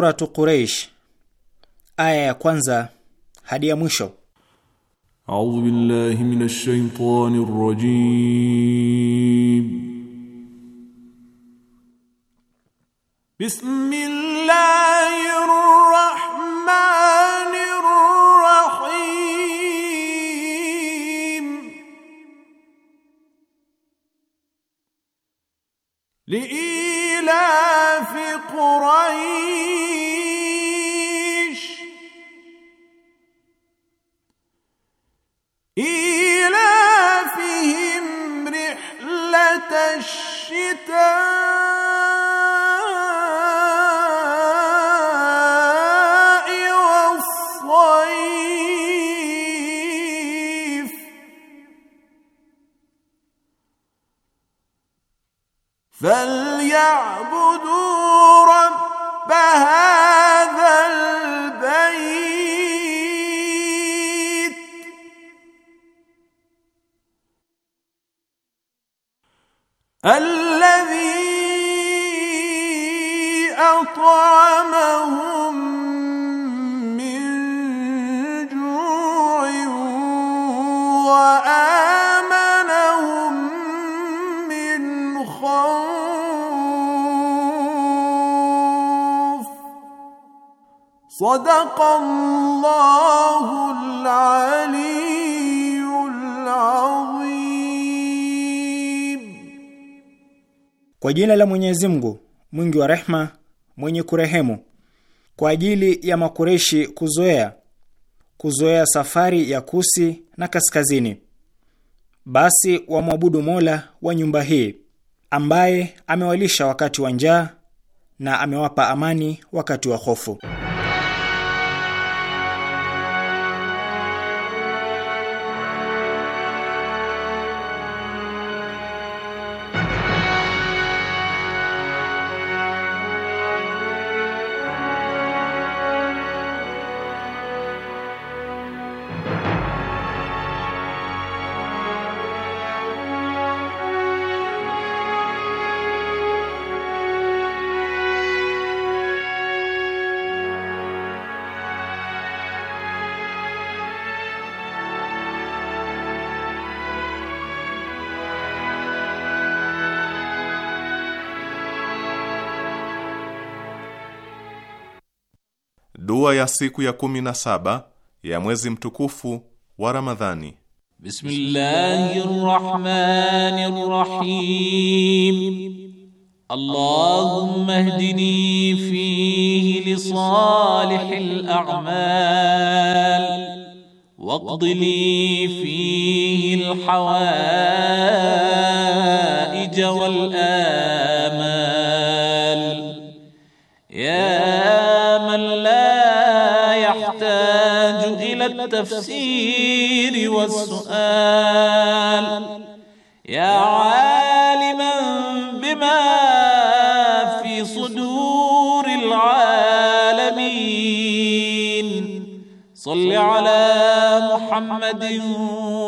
Suratu Quraish aya ya kwanza hadi ya mwisho. A'udhu billahi minash shaitani rrajim. Bismillah كتاب Kwa jina la Mwenyezi Mungu mwingi wa rehma mwenye kurehemu. Kwa ajili ya Makureshi kuzoea kuzoea safari ya kusi na kaskazini, basi wamwabudu Mola wa nyumba hii, ambaye amewalisha wakati wa njaa na amewapa amani wakati wa hofu. Dua ya siku ya kumi na saba ya mwezi mtukufu wa Ramadhani. Bismillahirrahmanirrahim. Allahumma ihdini fihi li salihil a'mal waqdi li fihi al hawaij wal التفسير والسؤال يا عالما بما في صدور العالمين صل على محمد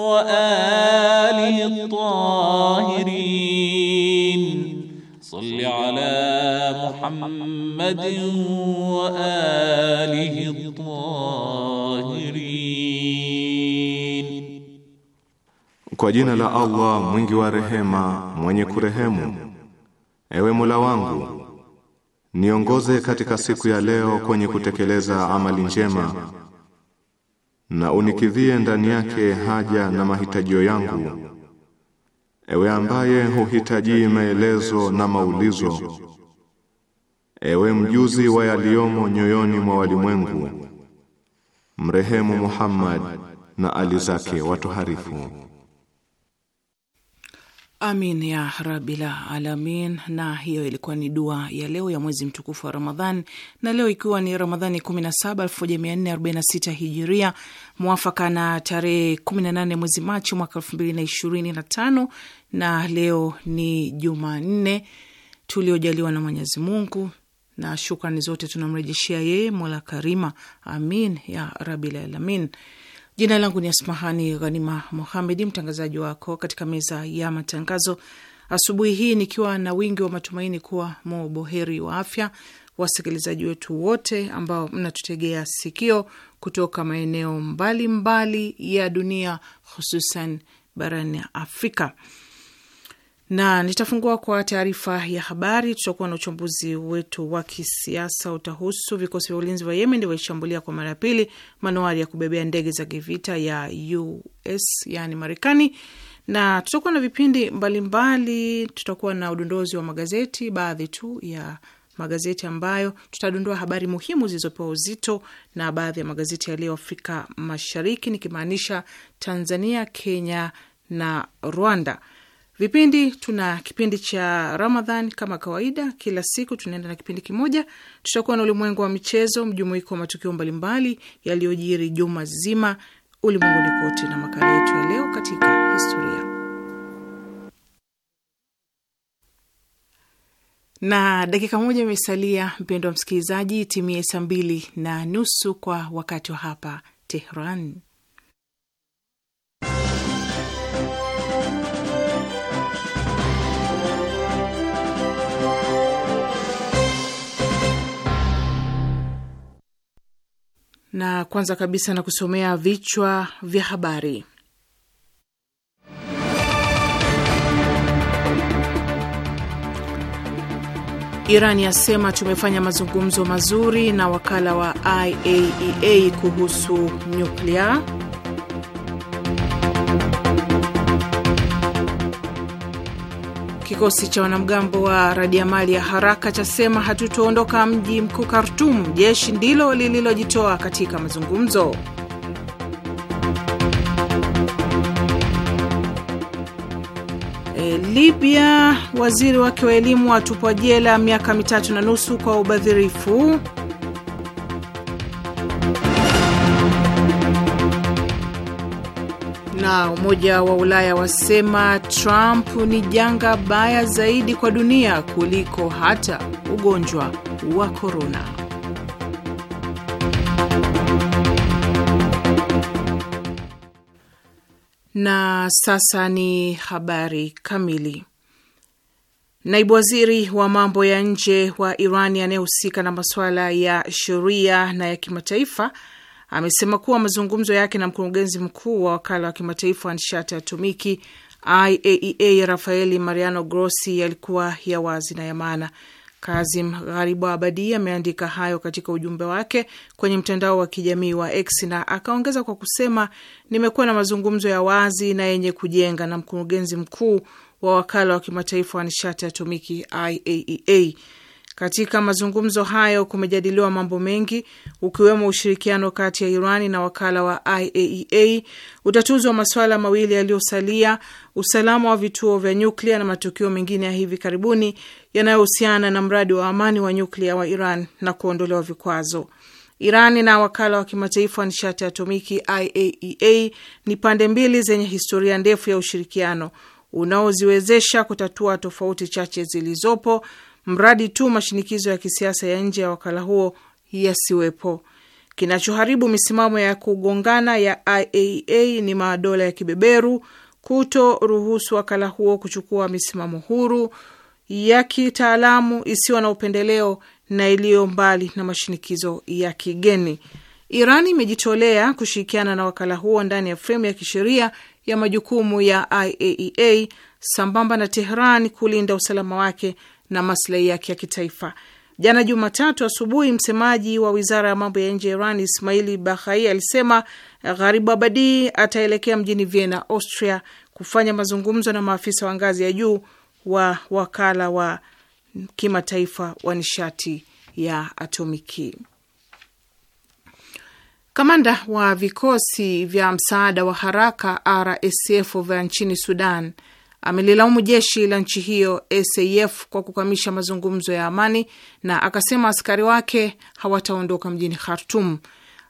وآله الطاهرين صل على محمد وآله Kwa jina la Allah mwingi wa rehema, mwenye kurehemu. Ewe Mola wangu, niongoze katika siku ya leo kwenye kutekeleza amali njema na unikidhie ndani yake haja na mahitajio yangu. Ewe ambaye huhitaji maelezo na maulizo, ewe mjuzi wa yaliyomo nyoyoni mwa walimwengu, mrehemu Muhammad na ali zake watoharifu. Amin ya rabil alamin. Na hiyo ilikuwa ni dua ya leo ya mwezi mtukufu wa Ramadhan, na leo ikiwa ni Ramadhani 17 1446 hijiria mwafaka na tarehe 18 mwezi Machi mwaka 2025, na leo ni Jumanne tuliojaliwa na Mwenyezi Mungu na shukrani zote tunamrejeshia yeye Mola Karima. Amin ya rabil alamin. Jina langu ni Asmahani Ghanima Muhamedi, mtangazaji wako katika meza ya matangazo asubuhi hii, nikiwa na wingi wa matumaini kuwa moboheri wa afya, wasikilizaji wetu wote ambao mnatutegea sikio kutoka maeneo mbalimbali mbali ya dunia, hususan barani Afrika na nitafungua kwa taarifa ya habari. Tutakuwa na uchambuzi wetu wa kisiasa, utahusu vikosi vya ulinzi wa Yemen valishambulia kwa mara ya pili manuari ya kubebea ndege za kivita ya US yani Marekani, na tutakuwa na vipindi mbalimbali. Tutakuwa na udondozi wa magazeti, baadhi tu ya magazeti ambayo tutadondoa habari muhimu zilizopewa uzito na baadhi ya magazeti yaliyo Afrika Mashariki, nikimaanisha Tanzania, Kenya na Rwanda. Vipindi, tuna kipindi cha Ramadhan kama kawaida, kila siku tunaenda na kipindi kimoja. Tutakuwa na ulimwengu wa michezo, mjumuiko wa matukio mbalimbali yaliyojiri juma zima ulimwenguni kote, na makala yetu ya leo katika historia na dakika moja imesalia, mpendo wa msikilizaji, timie saa mbili na nusu kwa wakati wa hapa Tehran. na kwanza kabisa na kusomea vichwa vya habari. Iran yasema tumefanya mazungumzo mazuri na wakala wa IAEA e kuhusu nyuklia. Kikosi cha wanamgambo wa radiamali ya haraka chasema hatutoondoka mji mkuu Khartum, jeshi ndilo lililojitoa katika mazungumzo. E, Libya, waziri wake wa elimu atupwa jela miaka mitatu na nusu kwa ubadhirifu. na Umoja wa Ulaya wasema Trump ni janga baya zaidi kwa dunia kuliko hata ugonjwa wa korona. Na sasa ni habari kamili. Naibu waziri wa mambo ya nje wa iran anayehusika na masuala ya sheria na ya kimataifa amesema kuwa mazungumzo yake na mkurugenzi mkuu wa wakala wa kimataifa wa nishati ya atomiki IAEA e Rafaeli Mariano Grossi yalikuwa ya wazi na ya maana. Kazim abadi ameandika hayo katika ujumbe wake kwenye mtandao wa kijamii wa X na akaongeza kwa kusema, nimekuwa na mazungumzo ya wazi na yenye kujenga na mkurugenzi mkuu wa wakala wa kimataifa wa nishati ya atomiki IAEA. E katika mazungumzo hayo kumejadiliwa mambo mengi ukiwemo ushirikiano kati ya Irani na wakala wa IAEA, e utatuzi wa masuala mawili yaliyosalia, usalama wa vituo vya nyuklia na matukio mengine ya hivi karibuni yanayohusiana na mradi wa amani wa nyuklia wa Iran na kuondolewa vikwazo. iran na wakala wa kimataifa wa nishati atomiki IAEA e ni pande mbili zenye historia ndefu ya ushirikiano unaoziwezesha kutatua tofauti chache zilizopo mradi tu mashinikizo ya kisiasa ya nje ya wakala huo yasiwepo. Kinachoharibu misimamo ya kugongana ya IAEA ni madola ya kibeberu kuto ruhusu wakala huo kuchukua misimamo huru ya kitaalamu isiyo na upendeleo na iliyo mbali na mashinikizo ya kigeni. Iran imejitolea kushirikiana na wakala huo ndani ya fremu ya kisheria ya majukumu ya IAEA sambamba na Tehran kulinda usalama wake na maslahi yake ya kitaifa. Jana Jumatatu asubuhi, msemaji wa wizara ya mambo ya nje ya Iran Ismaili Bahai alisema Gharibu Abadi ataelekea mjini Vienna, Austria, kufanya mazungumzo na maafisa wa ngazi ya juu wa wakala wa kimataifa wa nishati ya atomiki. Kamanda wa vikosi vya msaada wa haraka RSF vya nchini Sudan amelilaumu jeshi la nchi hiyo SAF kwa kukamisha mazungumzo ya amani na akasema askari wake hawataondoka mjini Khartum.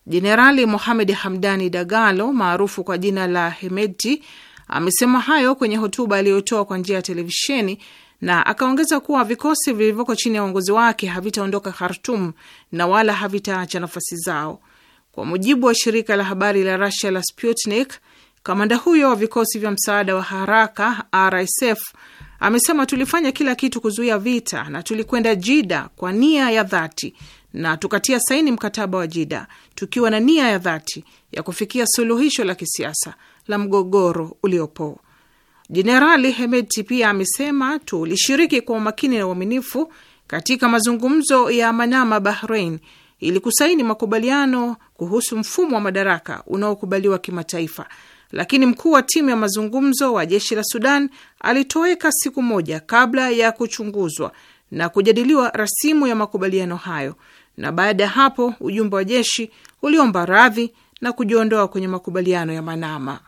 Jenerali Mohamed Hamdani Dagalo maarufu kwa jina la hemeti amesema hayo kwenye hotuba aliyotoa kwa njia ya televisheni na akaongeza kuwa vikosi vilivyoko chini ya uongozi wake havitaondoka Khartum na wala havitaacha nafasi zao. Kwa mujibu wa shirika la habari la rasia la Sputnik, Kamanda huyo wa vikosi vya msaada wa haraka RSF amesema tulifanya kila kitu kuzuia vita na tulikwenda Jida kwa nia ya dhati na tukatia saini mkataba wa Jida tukiwa na nia ya dhati ya kufikia suluhisho la kisiasa la mgogoro uliopo. Jenerali Hemeti pia amesema tulishiriki kwa umakini na uaminifu katika mazungumzo ya Manama, Bahrain, ili kusaini makubaliano kuhusu mfumo wa madaraka unaokubaliwa kimataifa lakini mkuu wa timu ya mazungumzo wa jeshi la Sudan alitoweka siku moja kabla ya kuchunguzwa na kujadiliwa rasimu ya makubaliano hayo, na baada ya hapo ujumbe wa jeshi uliomba radhi na kujiondoa kwenye makubaliano ya Manama.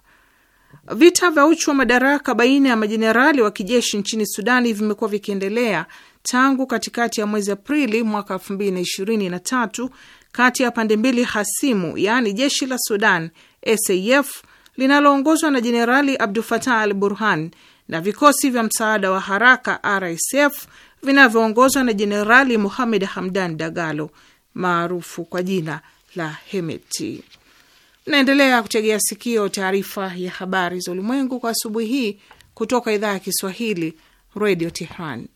Vita vya uchu wa madaraka baina ya majenerali wa kijeshi nchini Sudani vimekuwa vikiendelea tangu katikati ya mwezi Aprili mwaka 2023 kati ya pande mbili hasimu, yaani jeshi la Sudan SAF linaloongozwa na Jenerali Abdul Fatah al Burhan na vikosi vya msaada wa haraka RSF vinavyoongozwa na Jenerali Muhamed Hamdan Dagalo maarufu kwa jina la Hemeti. Naendelea kutegea sikio taarifa ya habari za ulimwengu kwa asubuhi hii kutoka idhaa ya Kiswahili Radio Tehran.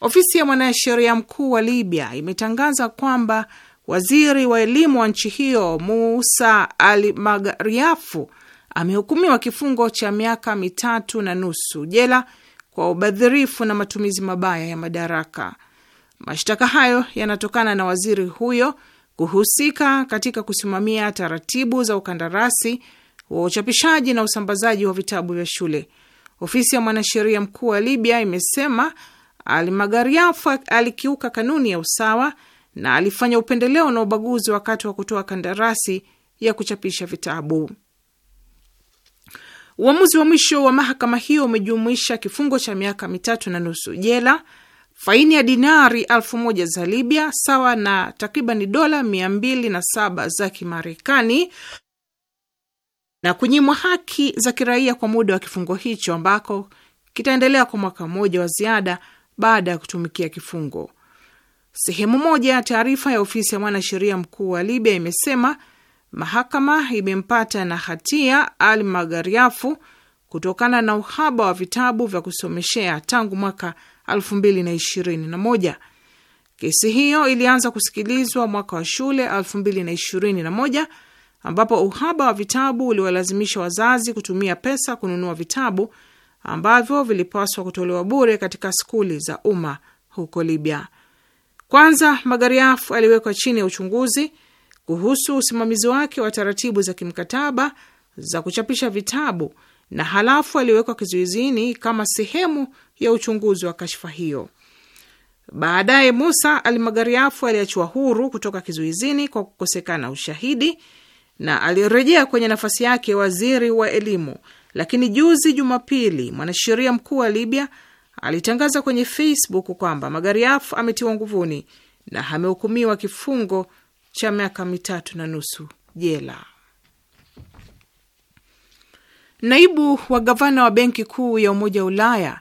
Ofisi ya mwanasheria mkuu wa Libya imetangaza kwamba waziri wa elimu wa nchi hiyo Musa Al Magriafu amehukumiwa kifungo cha miaka mitatu na nusu jela kwa ubadhirifu na matumizi mabaya ya madaraka. Mashtaka hayo yanatokana na waziri huyo kuhusika katika kusimamia taratibu za ukandarasi wa uchapishaji na usambazaji wa vitabu vya shule. Ofisi ya mwanasheria mkuu wa Libya imesema Almagariafu alikiuka kanuni ya usawa na alifanya upendeleo na ubaguzi wakati wa kutoa kandarasi ya kuchapisha vitabu. Uamuzi wa mwisho wa mahakama hiyo umejumuisha kifungo cha miaka mitatu na nusu jela, faini ya dinari elfu moja za Libya sawa na takriban dola mia mbili na saba za Kimarekani na kunyimwa haki za kiraia kwa muda wa kifungo hicho ambako kitaendelea kwa mwaka mmoja wa ziada baada ya kutumikia kifungo. Sehemu moja ya taarifa ya ofisi ya mwanasheria mkuu wa Libya imesema mahakama imempata na hatia Al Magariafu kutokana na uhaba wa vitabu vya kusomeshea tangu mwaka 2021. Kesi hiyo ilianza kusikilizwa mwaka wa shule 2021, ambapo uhaba wa vitabu uliwalazimisha wazazi kutumia pesa kununua vitabu ambavyo vilipaswa kutolewa bure katika skuli za umma huko Libya. Kwanza Magariafu aliwekwa chini ya uchunguzi kuhusu usimamizi wake wa taratibu za kimkataba za kuchapisha vitabu na halafu aliwekwa kizuizini kama sehemu ya uchunguzi wa kashfa hiyo. Baadaye Musa Almagariafu aliachiwa huru kutoka kizuizini kwa kukosekana ushahidi na alirejea kwenye nafasi yake waziri wa elimu. Lakini juzi Jumapili, mwanasheria mkuu wa Libya alitangaza kwenye Facebook kwamba Magariafu ametiwa nguvuni na amehukumiwa kifungo cha miaka mitatu na nusu jela. Naibu wa gavana wa benki kuu ya Umoja wa Ulaya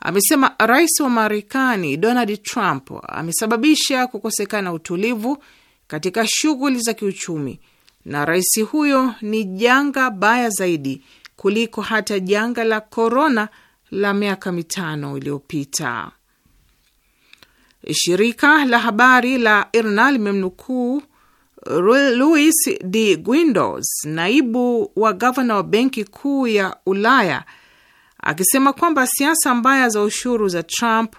amesema rais wa Marekani Donald Trump amesababisha kukosekana utulivu katika shughuli za kiuchumi, na rais huyo ni janga baya zaidi kuliko hata janga la korona la miaka mitano iliyopita. Shirika la habari la IRNA limemnukuu louis de Guindos, naibu wa gavana wa benki kuu ya Ulaya, akisema kwamba siasa mbaya za ushuru za Trump,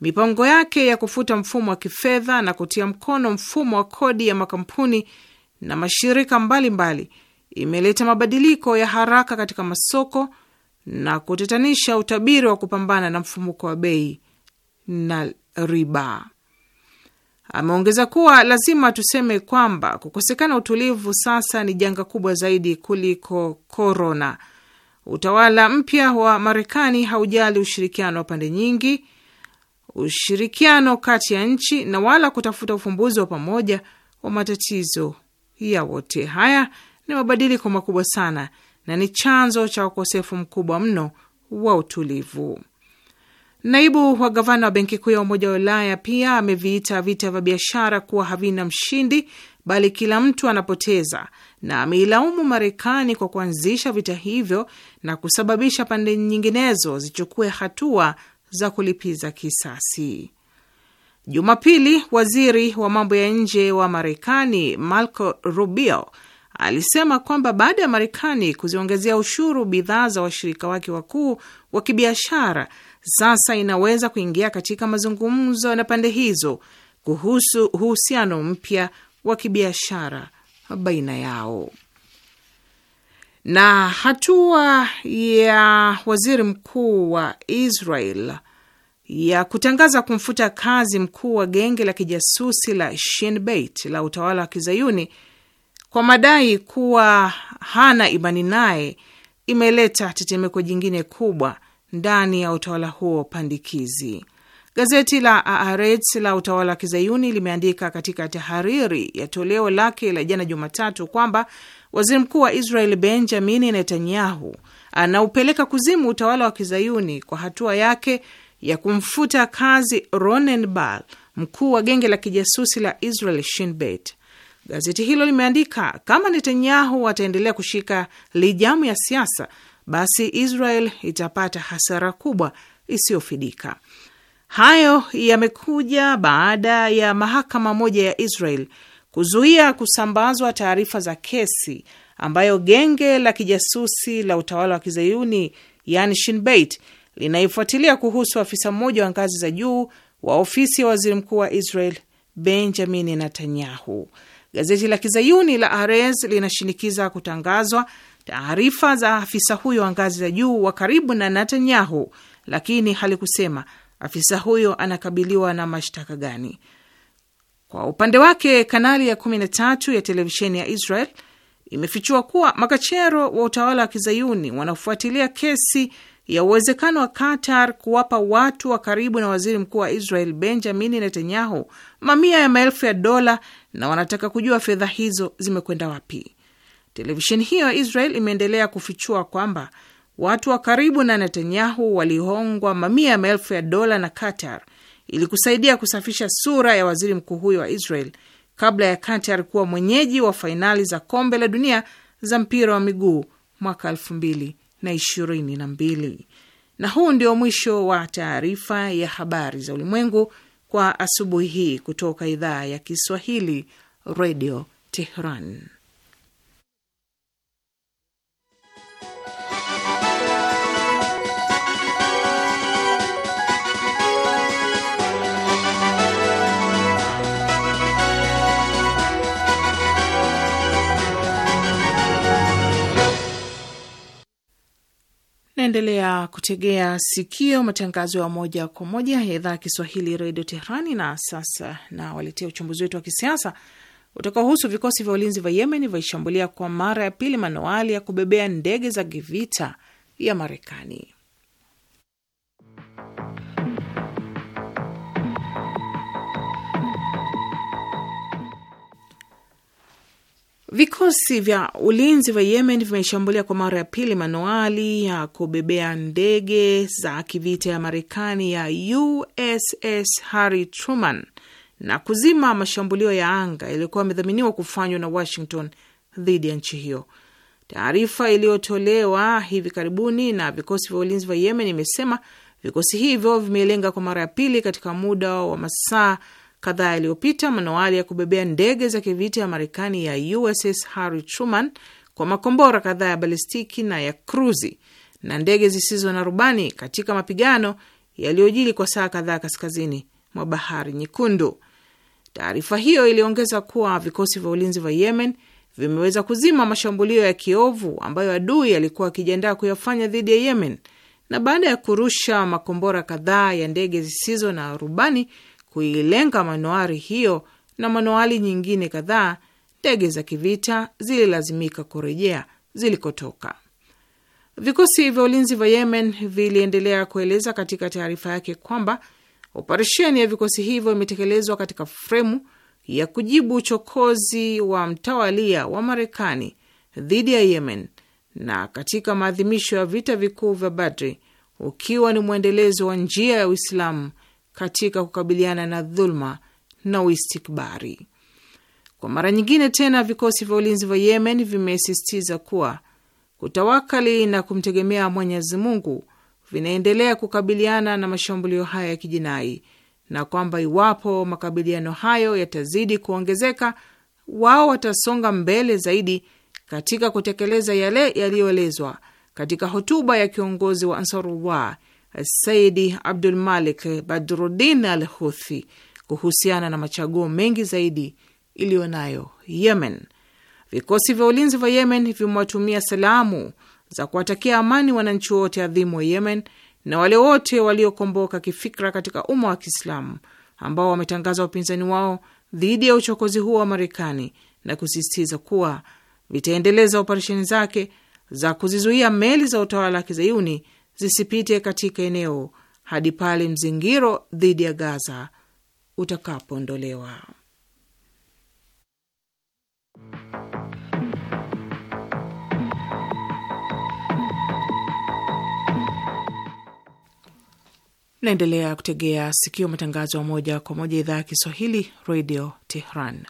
mipango yake ya kufuta mfumo wa kifedha na kutia mkono mfumo wa kodi ya makampuni na mashirika mbalimbali mbali, imeleta mabadiliko ya haraka katika masoko na kutatanisha utabiri wa kupambana na mfumuko wa bei na riba. Ameongeza kuwa lazima tuseme kwamba kukosekana utulivu sasa ni janga kubwa zaidi kuliko korona. Utawala mpya wa Marekani haujali ushirikiano wa pande nyingi, ushirikiano kati ya nchi na wala kutafuta ufumbuzi wa pamoja wa matatizo ya wote. Haya ni mabadiliko makubwa sana na ni chanzo cha ukosefu mkubwa mno wa utulivu. Naibu wa gavana wa benki kuu ya Umoja wa Ulaya pia ameviita vita vya biashara kuwa havina mshindi, bali kila mtu anapoteza, na ameilaumu Marekani kwa kuanzisha vita hivyo na kusababisha pande nyinginezo zichukue hatua za kulipiza kisasi. Jumapili, waziri wa mambo ya nje wa Marekani Marco Rubio alisema kwamba baada ya Marekani kuziongezea ushuru bidhaa za washirika wake wakuu wa kibiashara sasa inaweza kuingia katika mazungumzo na pande hizo kuhusu uhusiano mpya wa kibiashara baina yao. Na hatua ya waziri mkuu wa Israel ya kutangaza kumfuta kazi mkuu wa genge la kijasusi la Shin Bet la utawala wa kizayuni kwa madai kuwa hana imani naye imeleta tetemeko jingine kubwa ndani ya utawala huo pandikizi. Gazeti la Aarets la utawala wa kizayuni limeandika katika tahariri ya toleo lake la jana Jumatatu kwamba waziri mkuu wa Israel Benjamini Netanyahu anaupeleka kuzimu utawala wa kizayuni kwa hatua yake ya kumfuta kazi Ronen Bar, mkuu wa genge la kijasusi la Israel Shin Bet. Gazeti hilo limeandika kama Netanyahu ataendelea kushika lijamu ya siasa basi Israel itapata hasara kubwa isiyofidika. Hayo yamekuja baada ya mahakama moja ya Israel kuzuia kusambazwa taarifa za kesi ambayo genge la kijasusi la utawala wa kizayuni yani Shin Bet linaifuatilia kuhusu afisa mmoja wa ngazi za juu wa ofisi ya waziri mkuu wa Israel Benjamin Netanyahu. Gazeti la kizayuni la Ares linashinikiza kutangazwa taarifa za afisa huyo wa ngazi za juu wa karibu na Netanyahu, lakini halikusema afisa huyo anakabiliwa na mashtaka gani. Kwa upande wake, kanali ya 13 ya televisheni ya Israel imefichua kuwa makachero wa utawala wa kizayuni wanafuatilia kesi ya uwezekano wa Qatar kuwapa watu wa karibu na waziri mkuu wa Israel Benjamin Netanyahu mamia ya maelfu ya dola na wanataka kujua fedha hizo zimekwenda wapi. Televisheni hiyo ya Israel imeendelea kufichua kwamba watu wa karibu na Netanyahu walihongwa mamia ya maelfu ya dola na Qatar ili kusaidia kusafisha sura ya waziri mkuu huyo wa Israel kabla ya Qatar kuwa mwenyeji wa fainali za kombe la dunia za mpira wa miguu mwaka 2022. Na huu ndio mwisho wa taarifa ya habari za ulimwengu kwa asubuhi hii kutoka idhaa ya Kiswahili, Radio Tehran. Mnaendelea kutegea sikio matangazo ya moja kwa moja ya idhaa ya Kiswahili redio Tehrani. Na sasa na waletea uchambuzi wetu wa kisiasa utakaohusu vikosi vya ulinzi vya Yemen vaishambulia kwa mara ya pili manoali ya kubebea ndege za kivita ya Marekani. Vikosi vya ulinzi vya Yemen vimeshambulia kwa mara ya pili manuali ya kubebea ndege za kivita ya Marekani ya USS Harry Truman na kuzima mashambulio ya anga yaliyokuwa yamedhaminiwa kufanywa na Washington dhidi ya nchi hiyo. Taarifa iliyotolewa hivi karibuni na vikosi vya ulinzi vya Yemen imesema vikosi hivyo vimelenga kwa mara ya pili katika muda wa masaa kadhaa yaliyopita manowari ya kubebea ndege za kivita ya Marekani ya USS Harry Truman kwa makombora kadhaa ya balistiki na ya kruzi na ndege zisizo na rubani katika mapigano yaliyojiri kwa saa kadhaa kaskazini mwa bahari Nyekundu. Taarifa hiyo iliongeza kuwa vikosi vya ulinzi vya Yemen vimeweza kuzima mashambulio ya kiovu ambayo adui alikuwa akijiandaa kuyafanya dhidi ya Yemen, na baada ya kurusha makombora kadhaa ya ndege zisizo na rubani kuilenga manowari hiyo na manowari nyingine kadhaa, ndege za kivita zililazimika kurejea zilikotoka. Vikosi vya ulinzi vya Yemen viliendelea kueleza katika taarifa yake kwamba operesheni ya vikosi hivyo imetekelezwa katika fremu ya kujibu uchokozi wa mtawalia wa Marekani dhidi ya Yemen na katika maadhimisho ya vita vikuu vya Badri, ukiwa ni mwendelezo wa njia ya Uislamu katika kukabiliana na dhuluma na uistikbari. Kwa mara nyingine tena, vikosi vya ulinzi vya Yemen vimesisitiza kuwa kutawakali na kumtegemea Mwenyezi Mungu vinaendelea kukabiliana na mashambulio haya ya kijinai na kwamba iwapo makabiliano hayo yatazidi kuongezeka, wao watasonga mbele zaidi katika kutekeleza yale yaliyoelezwa katika hotuba ya kiongozi wa Ansarullah Saidi Abdul Malik Badruddin al Huthi kuhusiana na machaguo mengi zaidi iliyo nayo Yemen. Vikosi vya ulinzi vya Yemen vimewatumia salamu za kuwatakia amani wananchi wote adhimu wa Yemen na wale wote waliokomboka kifikra katika umma wa Kiislamu ambao wametangaza upinzani wao dhidi ya uchokozi huo wa Marekani na kusisitiza kuwa vitaendeleza operesheni zake za kuzizuia meli za utawala wa kizayuni zisipite katika eneo hadi pale mzingiro dhidi ya Gaza utakapoondolewa. Naendelea kutegea sikio matangazo ya moja kwa moja idhaa ya Kiswahili, redio Tehran.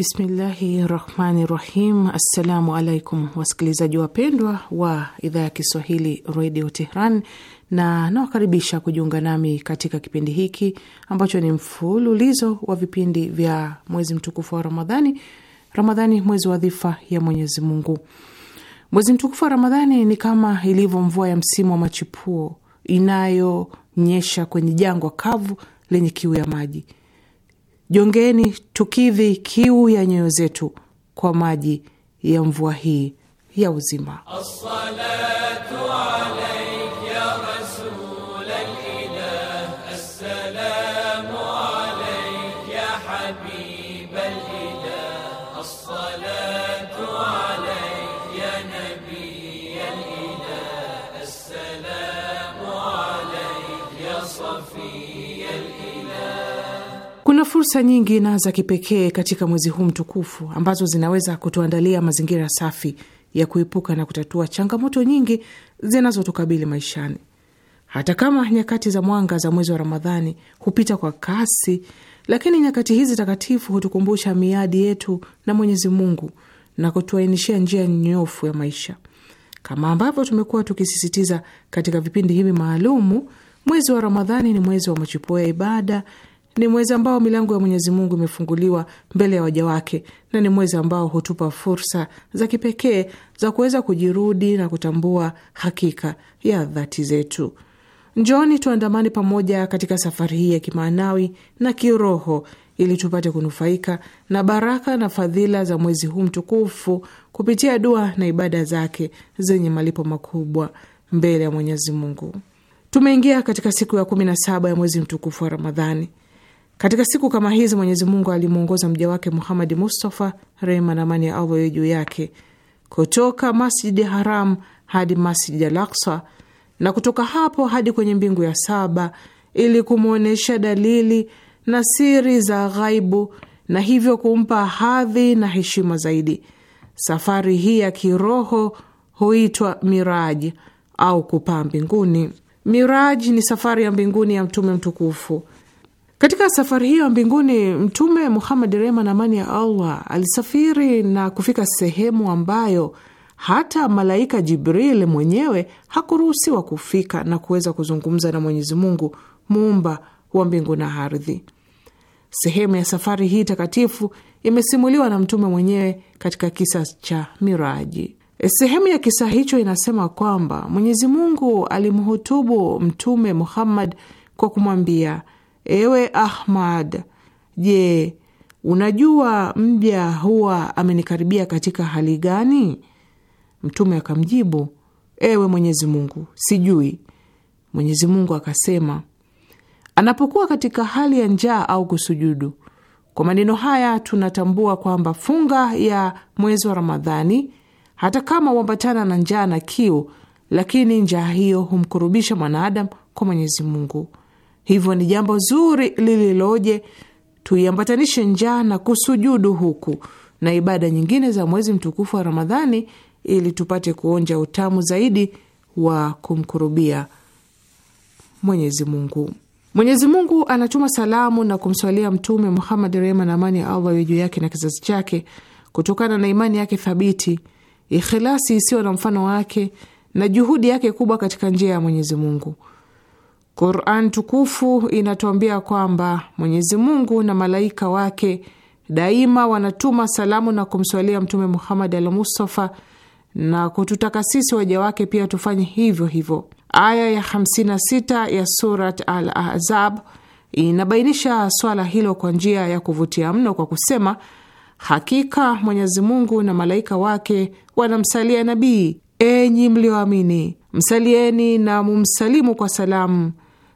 Bismillahi rahmani rahim. Assalamu alaikum wasikilizaji wapendwa wa idhaa ya Kiswahili redio Tehran, na nawakaribisha kujiunga nami katika kipindi hiki ambacho ni mfululizo wa vipindi vya mwezi mtukufu wa Ramadhani. Ramadhani, mwezi wa dhifa ya Mwenyezi Mungu. Mwezi mtukufu wa Ramadhani ni kama ilivyo mvua ya msimu wa machipuo inayonyesha kwenye jangwa kavu lenye kiu ya maji. Jongeni tukidhi kiu ya nyoyo zetu kwa maji ya mvua hii ya uzima As-salatu fursa nyingi na za kipekee katika mwezi huu mtukufu ambazo zinaweza kutuandalia mazingira safi ya kuepuka na kutatua changamoto nyingi zinazotukabili maishani. Hata kama nyakati za mwanga za mwezi wa Ramadhani hupita kwa kasi, lakini nyakati hizi takatifu hutukumbusha miadi yetu na Mwenyezi Mungu na kutuainishia njia nyofu ya maisha. Kama ambavyo tumekuwa tukisisitiza katika vipindi hivi maalumu, mwezi wa Ramadhani ni mwezi wa machipuo ya ibada ni mwezi ambao milango ya Mwenyezi Mungu imefunguliwa mbele ya waja wake na ni mwezi ambao hutupa fursa za kipekee za kuweza kujirudi na kutambua hakika ya dhati zetu. Njooni tuandamane pamoja katika safari hii ya kimaanawi na kiroho ili tupate kunufaika na baraka na fadhila za mwezi huu mtukufu kupitia dua na ibada zake zenye malipo makubwa mbele ya Mwenyezi Mungu. Tumeingia katika siku ya kumi na saba ya mwezi mtukufu wa Ramadhani. Katika siku kama hizi Mwenyezi Mungu alimwongoza mja wake Muhamadi Mustafa, rehma na amani ya Allah juu yake, kutoka Masjidi Haram hadi Masjidi Al Aksa, na kutoka hapo hadi kwenye mbingu ya saba, ili kumwonyesha dalili na siri za ghaibu na hivyo kumpa hadhi na heshima zaidi. Safari hii ya kiroho huitwa miraji au kupaa mbinguni. Miraji ni safari ya mbinguni ya Mtume mtukufu katika safari hiyo mbinguni, Mtume Muhammad, rehma na amani ya Allah, alisafiri na kufika sehemu ambayo hata malaika Jibril mwenyewe hakuruhusiwa kufika na kuweza kuzungumza na Mwenyezi Mungu muumba wa mbingu na ardhi. Sehemu ya safari hii takatifu imesimuliwa na mtume mwenyewe katika kisa cha Miraji. Sehemu ya kisa hicho inasema kwamba Mwenyezi Mungu alimhutubu Mtume Muhammad kwa kumwambia Ewe Ahmad, je, unajua mja huwa amenikaribia katika hali gani? Mtume akamjibu, ewe Mwenyezi Mungu, sijui. Mwenyezi Mungu akasema, anapokuwa katika hali ya njaa au kusujudu. Kwa maneno haya tunatambua kwamba funga ya mwezi wa Ramadhani, hata kama huambatana na njaa na kiu, lakini njaa hiyo humkurubisha mwanadamu kwa Mwenyezi Mungu. Hivyo ni jambo zuri lililoje tuiambatanishe njaa na kusujudu huku na ibada nyingine za mwezi mtukufu wa Ramadhani ili tupate kuonja utamu zaidi wa kumkurubia Mwenyezi Mungu. Mwenyezi Mungu anatuma salamu na kumswalia Mtume Muhammad, rehma na amani ya Allah juu yake na kizazi chake, kutokana na imani yake thabiti, ikhilasi isiyo na mfano wake na juhudi yake kubwa katika njia ya Mwenyezi Mungu. Quran tukufu inatuambia kwamba Mwenyezi Mungu na malaika wake daima wanatuma salamu na kumswalia Mtume Muhammad al Mustafa na kututaka sisi waja wake pia tufanye hivyo hivyo. Aya ya 56 ya Surat al Ahzab inabainisha swala hilo kwa njia ya kuvutia mno kwa kusema, hakika Mwenyezi Mungu na malaika wake wanamsalia nabii, enyi mlioamini, msalieni na mumsalimu kwa salamu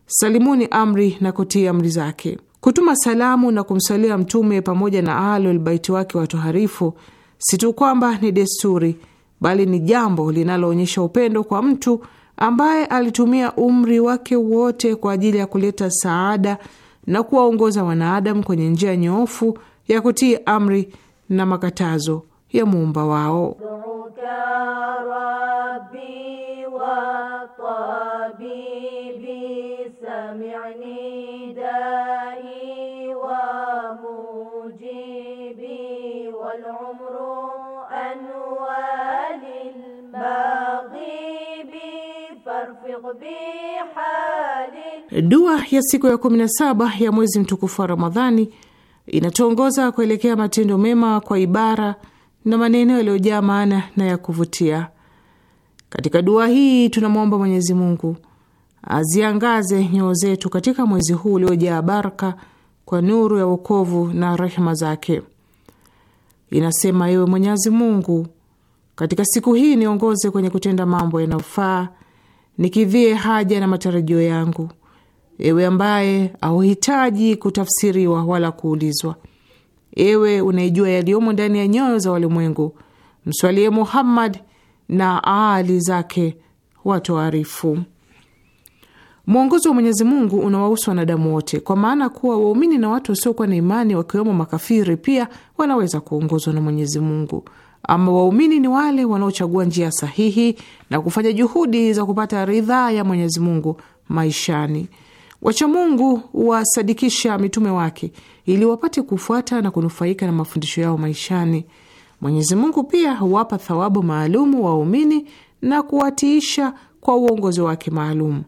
salimuni amri na kutii amri zake. Kutuma salamu na kumsalia Mtume pamoja na Ahlul Baiti wake watoharifu si tu kwamba ni desturi, bali ni jambo linaloonyesha upendo kwa mtu ambaye alitumia umri wake wote kwa ajili ya kuleta saada na kuwaongoza wanaadamu kwenye njia nyoofu ya kutii amri na makatazo ya muumba wao. سامع ندائي ومجيبي والعمر أنوال المغيب فارفق بحال Dua ya siku ya 17 ya mwezi mtukufu wa Ramadhani inatuongoza kuelekea matendo mema kwa ibara na maneno yaliyojaa maana na ya kuvutia. Katika dua hii tunamwomba Mwenyezi Mungu aziangaze ah, nyoo zetu katika mwezi huu uliojaa baraka kwa nuru ya wokovu na rehema zake. Inasema, ewe Mwenyezi Mungu, katika siku hii niongoze kwenye kutenda mambo yanayofaa, nikidhie haja na matarajio yangu, ewe ambaye auhitaji kutafsiriwa wala kuulizwa. Ewe unaijua yaliyomo ndani ya nyoyo za walimwengu, mswalie Muhammad na aali zake watoarifu. Mwongozo wa Mwenyezi Mungu unawahusu wanadamu wote, kwa maana kuwa waumini na watu wasiokuwa na imani, wakiwemo makafiri, pia wanaweza kuongozwa na Mwenyezi Mungu. Ama waumini ni wale wanaochagua njia sahihi na kufanya juhudi za kupata ridhaa ya Mwenyezi Mungu maishani. Wachamungu wasadikisha mitume wake ili wapate kufuata na kunufaika na mafundisho yao maishani. Mwenyezi Mungu pia huwapa thawabu maalumu waumini na kuwatiisha kwa uongozi wake maalumu.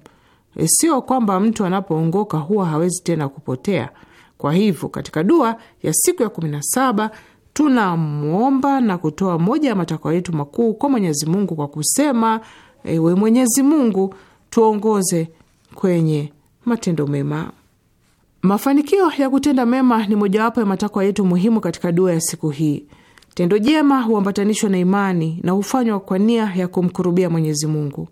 E, sio kwamba mtu anapoongoka huwa hawezi tena kupotea. Kwa hivyo katika dua ya siku ya kumi na saba tunamwomba na kutoa moja ya matakwa yetu makuu kwa Mwenyezi Mungu kwa kusema: ewe Mwenyezi Mungu, tuongoze kwenye matendo mema. Mafanikio ya kutenda mema ni mojawapo ya matakwa yetu muhimu katika dua ya siku hii. Tendo jema huambatanishwa na imani na hufanywa kwa nia ya kumkurubia Mwenyezi Mungu.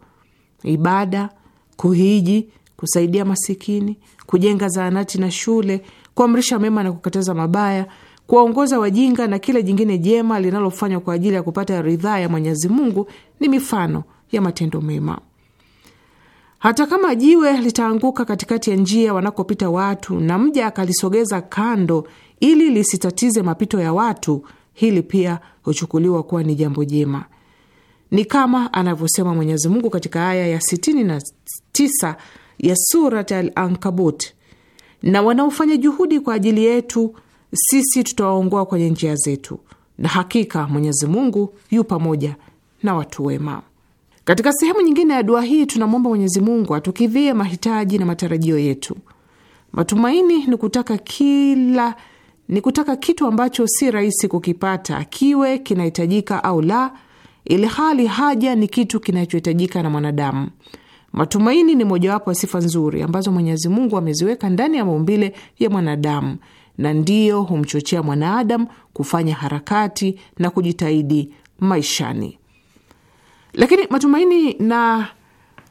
Ibada, kuhiji, kusaidia masikini, kujenga zahanati na shule, kuamrisha mema na kukataza mabaya, kuwaongoza wajinga na kile jingine jema linalofanywa kwa ajili ya kupata ridhaa ya Mwenyezi Mungu ni mifano ya matendo mema. Hata kama jiwe litaanguka katikati ya njia wanakopita watu na mja akalisogeza kando ili lisitatize mapito ya watu, hili pia huchukuliwa kuwa ni jambo jema. Ni kama anavyosema Mwenyezi Mungu katika aya ya 69 ya Surat Al Ankabut, na wanaofanya juhudi kwa ajili yetu sisi tutawaongoa kwenye njia zetu, na hakika Mwenyezi Mungu yu pamoja na watu wema. Katika sehemu nyingine ya dua hii tunamwomba Mwenyezi Mungu atukidhie mahitaji na matarajio yetu. Matumaini ni kutaka kila ni kutaka kitu ambacho si rahisi kukipata, kiwe kinahitajika au la, ili hali haja ni kitu kinachohitajika na mwanadamu. Matumaini ni mojawapo ya sifa nzuri ambazo Mwenyezi Mungu ameziweka ndani ya maumbile ya mwanadamu, na ndiyo humchochea mwanaadamu kufanya harakati na kujitahidi maishani. Lakini matumaini na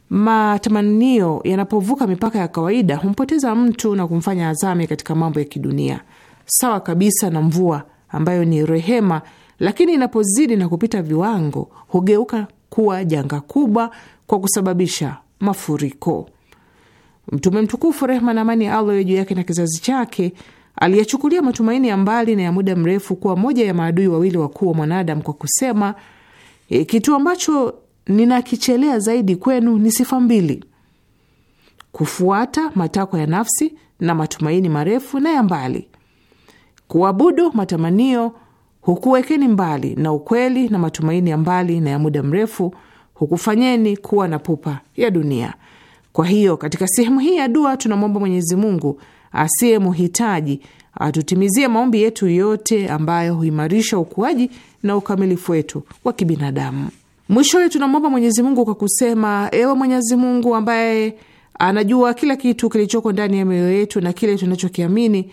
matamanio yanapovuka mipaka ya kawaida humpoteza mtu na kumfanya azame katika mambo ya kidunia, sawa kabisa na mvua ambayo ni rehema lakini inapozidi na kupita viwango hugeuka kuwa janga kubwa kwa kusababisha mafuriko. Mtume mtukufu, rehma na amani ya Allah juu yake na kizazi chake, aliyachukulia matumaini ya mbali na ya muda mrefu kuwa moja ya maadui wawili wakuu wa mwanadamu kwa kusema e, kitu ambacho ninakichelea zaidi kwenu ni sifa mbili: kufuata matakwa ya nafsi na matumaini marefu na ya mbali, kuabudu matamanio hukuwekeni mbali na ukweli na matumaini ya mbali na ya muda mrefu, hukufanyeni kuwa na pupa ya dunia. Kwa hiyo katika sehemu hii ya dua tunamwomba Mwenyezi Mungu asiye muhitaji atutimizie maombi yetu yote ambayo huimarisha ukuaji na ukamilifu wetu wa kibinadamu. Mwishowe tunamwomba Mwenyezi Mungu kwa kusema: ewe Mwenyezi Mungu ambaye anajua kila kitu kilichoko ndani ya mioyo yetu na kile tunachokiamini,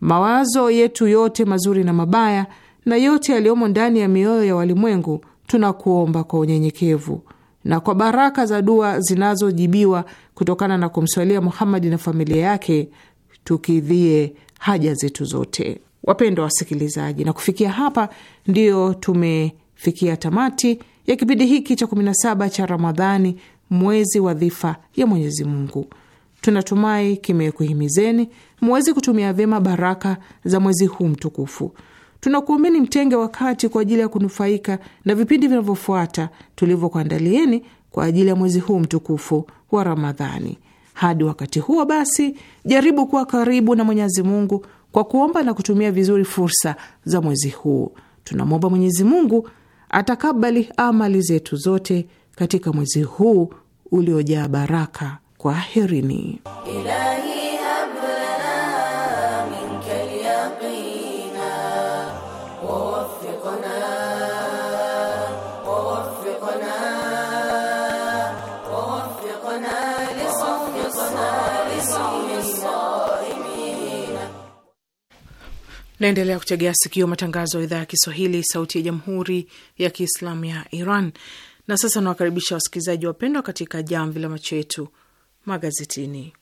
mawazo yetu yote mazuri na mabaya na yote yaliyomo ndani ya mioyo ya walimwengu, tunakuomba kwa unyenyekevu na kwa baraka za dua zinazojibiwa kutokana na kumswalia Muhamadi na familia yake, tukidhie haja zetu zote. Wapendwa wasikilizaji, na kufikia hapa ndiyo tumefikia tamati ya kipindi hiki cha 17 cha Ramadhani, mwezi wa dhifa ya Mwenyezi Mungu. Tunatumai kimekuhimizeni muweze kutumia vyema baraka za mwezi huu mtukufu. Tunakuombeni mtenge wakati kwa ajili ya kunufaika na vipindi vinavyofuata tulivyokuandalieni kwa ajili ya mwezi huu mtukufu wa Ramadhani. Hadi wakati huo basi, jaribu kuwa karibu na Mwenyezi Mungu kwa kuomba na kutumia vizuri fursa za mwezi huu. Tunamwomba Mwenyezi Mungu atakabali amali zetu zote katika mwezi huu uliojaa baraka. Kwaherini Ilahi. Naendelea kutegea sikio matangazo ya idhaa ya Kiswahili, sauti ya jamhuri ya kiislamu ya Iran. Na sasa nawakaribisha wasikilizaji wapendwa katika jamvi la macho yetu magazetini.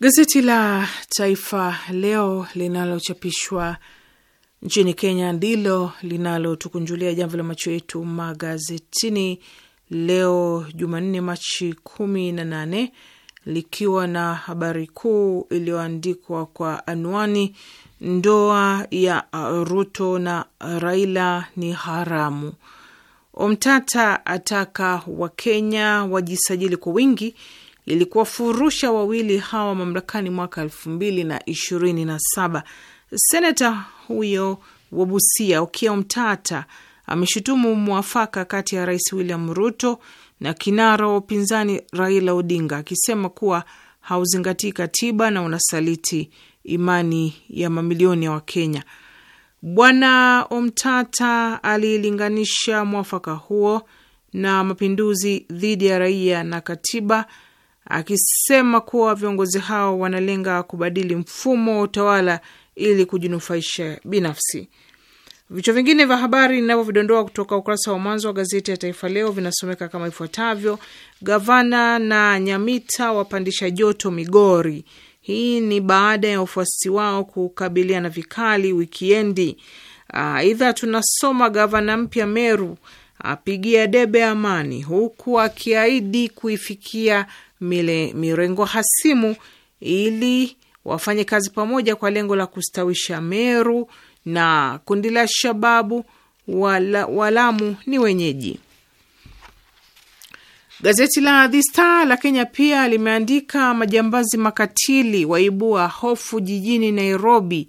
Gazeti la Taifa Leo linalochapishwa nchini Kenya ndilo linalotukunjulia jambo la macho yetu magazetini leo Jumanne, Machi kumi na nane, likiwa na habari kuu iliyoandikwa kwa anwani ndoa ya Ruto na Raila ni haramu. Omtata ataka Wakenya wajisajili kwa wingi ili kuwafurusha wawili hawa mamlakani mwaka elfu mbili na ishirini na saba. Seneta huyo wa Busia, Okiya Mtata, ameshutumu mwafaka kati ya Rais William Ruto na kinara wa upinzani Raila Odinga, akisema kuwa hauzingatii katiba na unasaliti imani ya mamilioni ya Wakenya. Bwana Omtata alilinganisha mwafaka huo na mapinduzi dhidi ya raia na katiba, akisema kuwa viongozi hao wanalenga kubadili mfumo wa utawala ili kujinufaisha binafsi. Vichwa vingine vya habari ninavyovidondoa kutoka ukurasa wa mwanzo wa gazeti ya Taifa Leo vinasomeka kama ifuatavyo: gavana na Nyamita wapandisha joto Migori. Hii ni baada ya wafuasi wao kukabiliana vikali wikiendi. Aidha, tunasoma gavana mpya Meru apigia debe amani, huku akiahidi kuifikia mirengo hasimu ili wafanye kazi pamoja kwa lengo la kustawisha Meru na kundi la shababu wala, walamu ni wenyeji. Gazeti la The Star la Kenya pia limeandika majambazi makatili waibua hofu jijini Nairobi,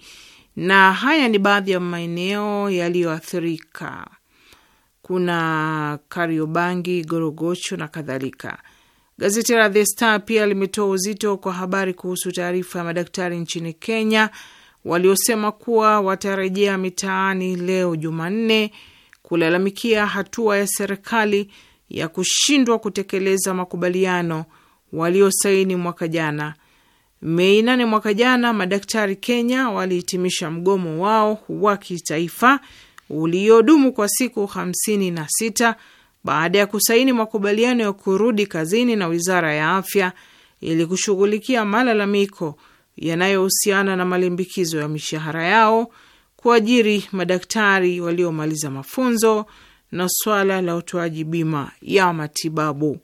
na haya ni baadhi ya maeneo yaliyoathirika: kuna Kariobangi, Gorogocho na kadhalika. Gazeti la The Star pia limetoa uzito kwa habari kuhusu taarifa ya madaktari nchini Kenya waliosema kuwa watarejea mitaani leo Jumanne kulalamikia hatua ya serikali ya kushindwa kutekeleza makubaliano waliosaini mwaka jana Mei nane mwaka jana. Madaktari Kenya walihitimisha mgomo wao wa kitaifa uliodumu kwa siku hamsini na sita baada ya kusaini makubaliano ya kurudi kazini na wizara ya afya ili kushughulikia malalamiko yanayohusiana na malimbikizo ya mishahara yao, kuajiri madaktari waliomaliza mafunzo na swala la utoaji bima ya matibabu.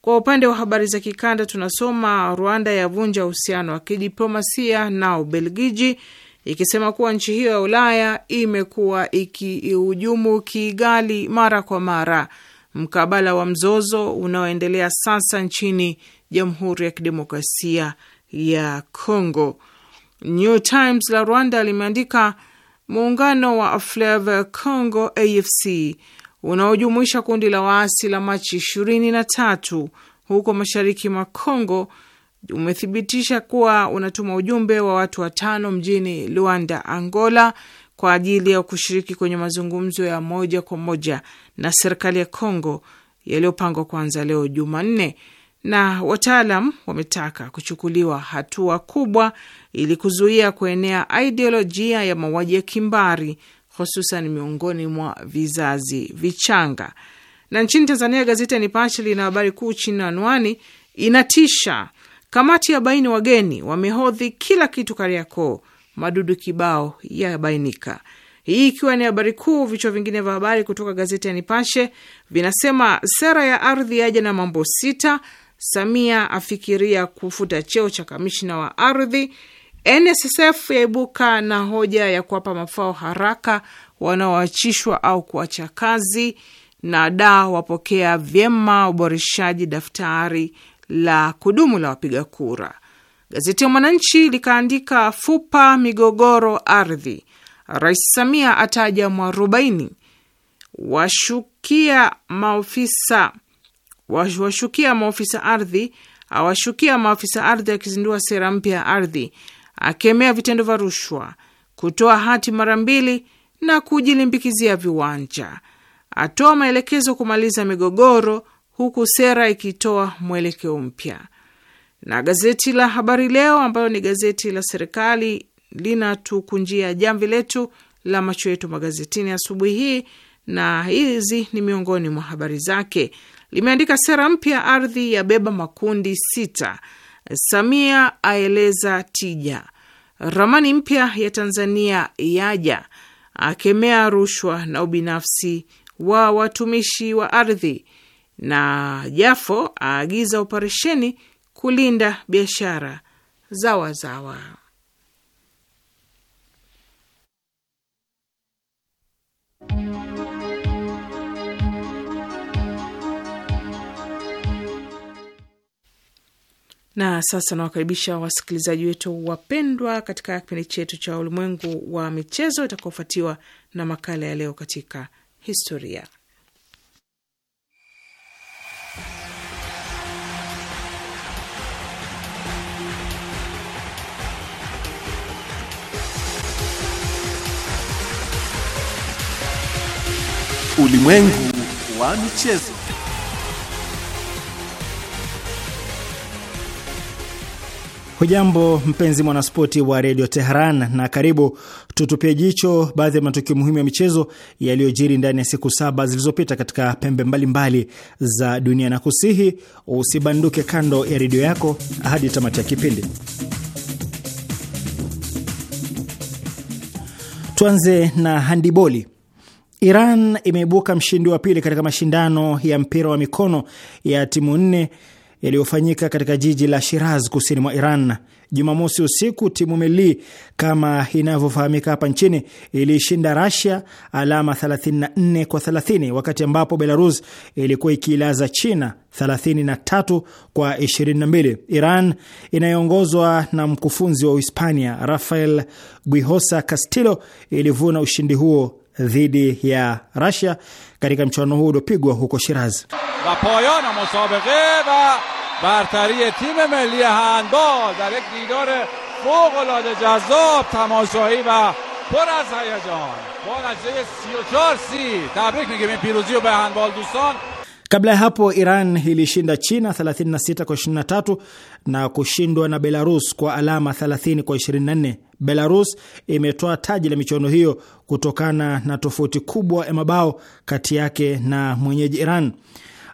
Kwa upande wa habari za kikanda, tunasoma Rwanda yavunja uhusiano wa kidiplomasia na Ubelgiji ikisema kuwa nchi hiyo ya Ulaya imekuwa ikihujumu Kigali mara kwa mara mkabala wa mzozo unaoendelea sasa nchini Jamhuri ya Kidemokrasia ya congo New Times la Rwanda limeandika muungano wa Fleuve Congo AFC unaojumuisha kundi la waasi la Machi ishirini na tatu huko mashariki mwa Congo umethibitisha kuwa unatuma ujumbe wa watu watano mjini Luanda, Angola, kwa ajili ya kushiriki kwenye mazungumzo ya moja kwa moja na serikali ya Kongo yaliyopangwa kuanza leo Jumanne, na wataalam wametaka kuchukuliwa hatua kubwa ili kuzuia kuenea ideolojia ya mauaji ya kimbari hususan miongoni mwa vizazi vichanga. Na nchini Tanzania, gazeti ya Nipashe lina habari kuu chini ya anwani inatisha, kamati ya baini wageni wamehodhi kila kitu Kariakoo, madudu kibao yabainika. Hii ikiwa ni habari kuu. Vichwa vingine vya habari kutoka gazeti ya Nipashe vinasema sera ya ardhi yaja na mambo sita, Samia afikiria kufuta cheo cha kamishna wa ardhi, NSSF yaibuka na hoja ya kuwapa mafao haraka wanaoachishwa au kuacha kazi, na da wapokea vyema uboreshaji daftari la kudumu la wapiga kura. Gazeti ya Mwananchi likaandika fupa migogoro ardhi, Rais Samia ataja mwarobaini, washukia maofisa washukia maofisa ardhi, awashukia maofisa ardhi akizindua sera mpya ya ardhi, akemea vitendo vya rushwa, kutoa hati mara mbili na kujilimbikizia viwanja, atoa maelekezo kumaliza migogoro, huku sera ikitoa mwelekeo mpya. Na gazeti la Habari Leo, ambayo ni gazeti la serikali linatukunjia jamvi letu la macho yetu magazetini asubuhi hii, na hizi ni miongoni mwa habari zake. Limeandika sera mpya ardhi ya beba makundi sita, Samia aeleza tija, ramani mpya ya Tanzania yaja, akemea rushwa na ubinafsi wa watumishi wa ardhi, na Jafo aagiza operesheni kulinda biashara zawazawa. Na sasa nawakaribisha wasikilizaji wetu wapendwa katika kipindi chetu cha ulimwengu wa michezo itakaofuatiwa na makala ya leo katika historia. Ulimwengu wa michezo. Hujambo mpenzi mwanaspoti wa redio Teheran na karibu, tutupie jicho baadhi ya matukio muhimu ya michezo yaliyojiri ndani ya siku saba zilizopita katika pembe mbalimbali mbali za dunia, na kusihi usibanduke kando ya redio yako hadi tamati ya kipindi. Tuanze na handiboli. Iran imeibuka mshindi wa pili katika mashindano ya mpira wa mikono ya timu nne yaliyofanyika katika jiji la Shiraz kusini mwa Iran. Jumamosi usiku timu Meli kama inavyofahamika hapa nchini iliishinda Rasia alama 34 kwa 30, wakati ambapo Belarus ilikuwa ikiilaza China 33 kwa 22. Iran inayoongozwa na mkufunzi wa Uhispania Rafael Guihosa Castillo ilivuna ushindi huo dhidi ya Rasia katika mchuano huo uliopigwa huko Shiraz. va poyana musabaqe va bartari tim milli handbal dar ek didar foghlade jazab va پر از هیجان با نتیجه 34 تبریک میگیم این پیروزی رو به دوستان Kabla ya hapo Iran ilishinda China 36 kwa 23 na kushindwa na Belarus kwa alama 30 kwa Belarus imetoa taji la michuano hiyo kutokana na tofauti kubwa ya mabao kati yake na mwenyeji Iran.